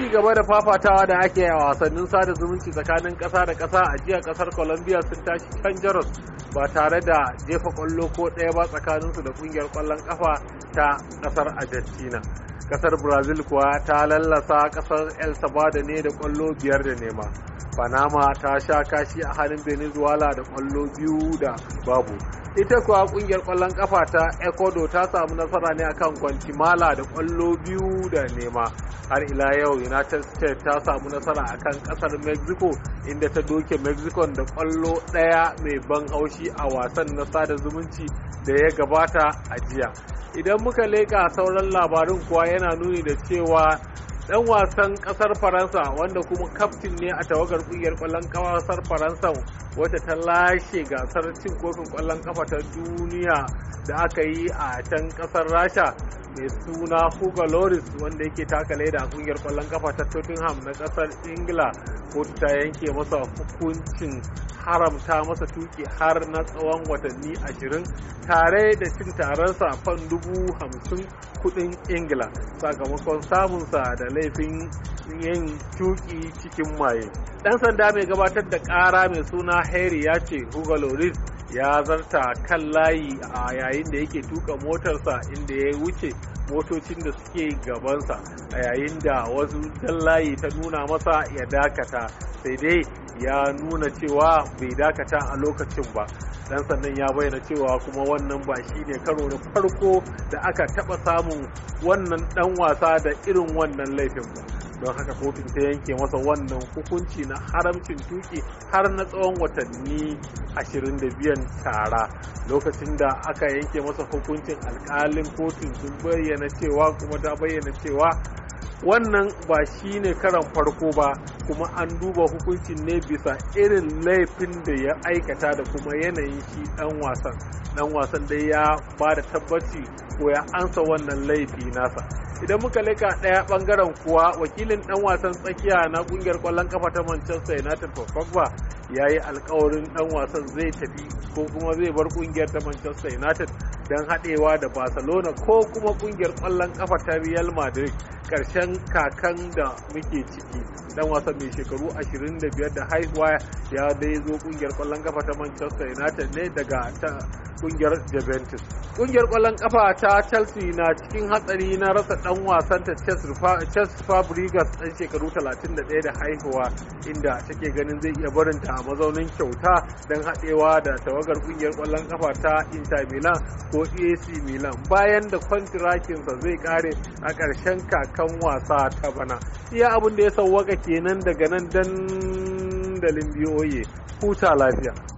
ci gaba da fafatawa da ake yi a wasannin sada zumunci tsakanin ƙasa da ƙasa a jiya ƙasar colombia sun tashi can jaros ba tare da jefa ƙwallo ko ɗaya ba tsakaninsu da ƙungiyar ƙwallon ƙafa ta ƙasar argentina kasar brazil kuwa ta lallasa kasar el salvador ne da kwallo biyar da nema panama ta sha kashi a halin venezuela da kwallo biyu da babu ita kuwa kungiyar kwallon kafa ta ecuador ta samu nasara ne akan guatemala da kwallo biyu da nema har ila yau united states ta samu nasara akan kasar mexico inda ta doke mexico da kwallo daya mai ban haushi a wasan na sada zumunci da ya gabata a jiya idan muka leƙa sauran labarin kuwa yana nuni da cewa ɗan wasan ƙasar faransa wanda kuma kaftin ne a tawagar ƙungiyar kwallon kasar faransa wata ta lashe gasar cin kofin kwallon kafa ta duniya da aka yi a can ƙasar rasha mai suna hugo loris wanda yake taka leda a ƙungiyar kwallon ƙafa ta tottenham na ƙasar ingila ko ta yanke masa hukuncin haramta masa tuki har na tsawon watanni ashirin tare da cin taron safan dubu hamsin kudin ingila sakamakon samunsa da laifin yin tuki cikin maye dan sanda mai gabatar da kara mai suna harry ya ce hugo loris ya zarta kan layi a yayin da yake tuka motarsa inda ya wuce motocin da suke gabansa a yayin da wasu layi ta nuna masa ya dakata sai dai ya nuna cewa bai dakata a lokacin ba dan sannan ya bayyana cewa kuma wannan ba shi ne karo na farko da aka taba samun wannan dan wasa da irin wannan laifin ba don haka kotun ta yanke masa wannan hukunci na haramcin tuki har na tsawon watanni 25 tara lokacin da aka yanke masa hukuncin alkalin kotun sun bayyana cewa kuma ta bayyana cewa wannan ba shi ne karan farko ba kuma an duba hukuncin ne bisa irin laifin da ya aikata da kuma yanayin shi dan wasan dan wasan dai ya ba da tabbaci ko ya ansa wannan laifi nasa idan muka leka ɗaya bangaren kuwa wakilin ɗan wasan tsakiya na ƙungiyar kwallon kafa ta manchester united paul pogba ya yi alkawarin ɗan wasan zai tafi ko kuma zai bar ƙungiyar ta manchester united don haɗewa da barcelona ko kuma kungiyar kwallon kafa ta real madrid karshen kakan da muke ciki dan wasan mai shekaru 25 da haihuwa ya dai zo ƙungiyar ƙwallon kafa ta manchester united ne daga ta ƙungiyar juventus ƙungiyar kwallon kafa ta chelsea na cikin hatsari na rasa dan wasanta Chess Fabregas dan shekaru 31 da haihuwa inda take ganin zai iya barin ta a mazaunin kyauta don haɗewa da tawagar kungiyar kwallon kafa ta Inter Milan ko AC Milan bayan da kwantirakinsa zai kare a ƙarshen kakan wasa ta bana. Iya abin da ya sauwaka kenan daga nan dandalin biyoyi huta lafiya.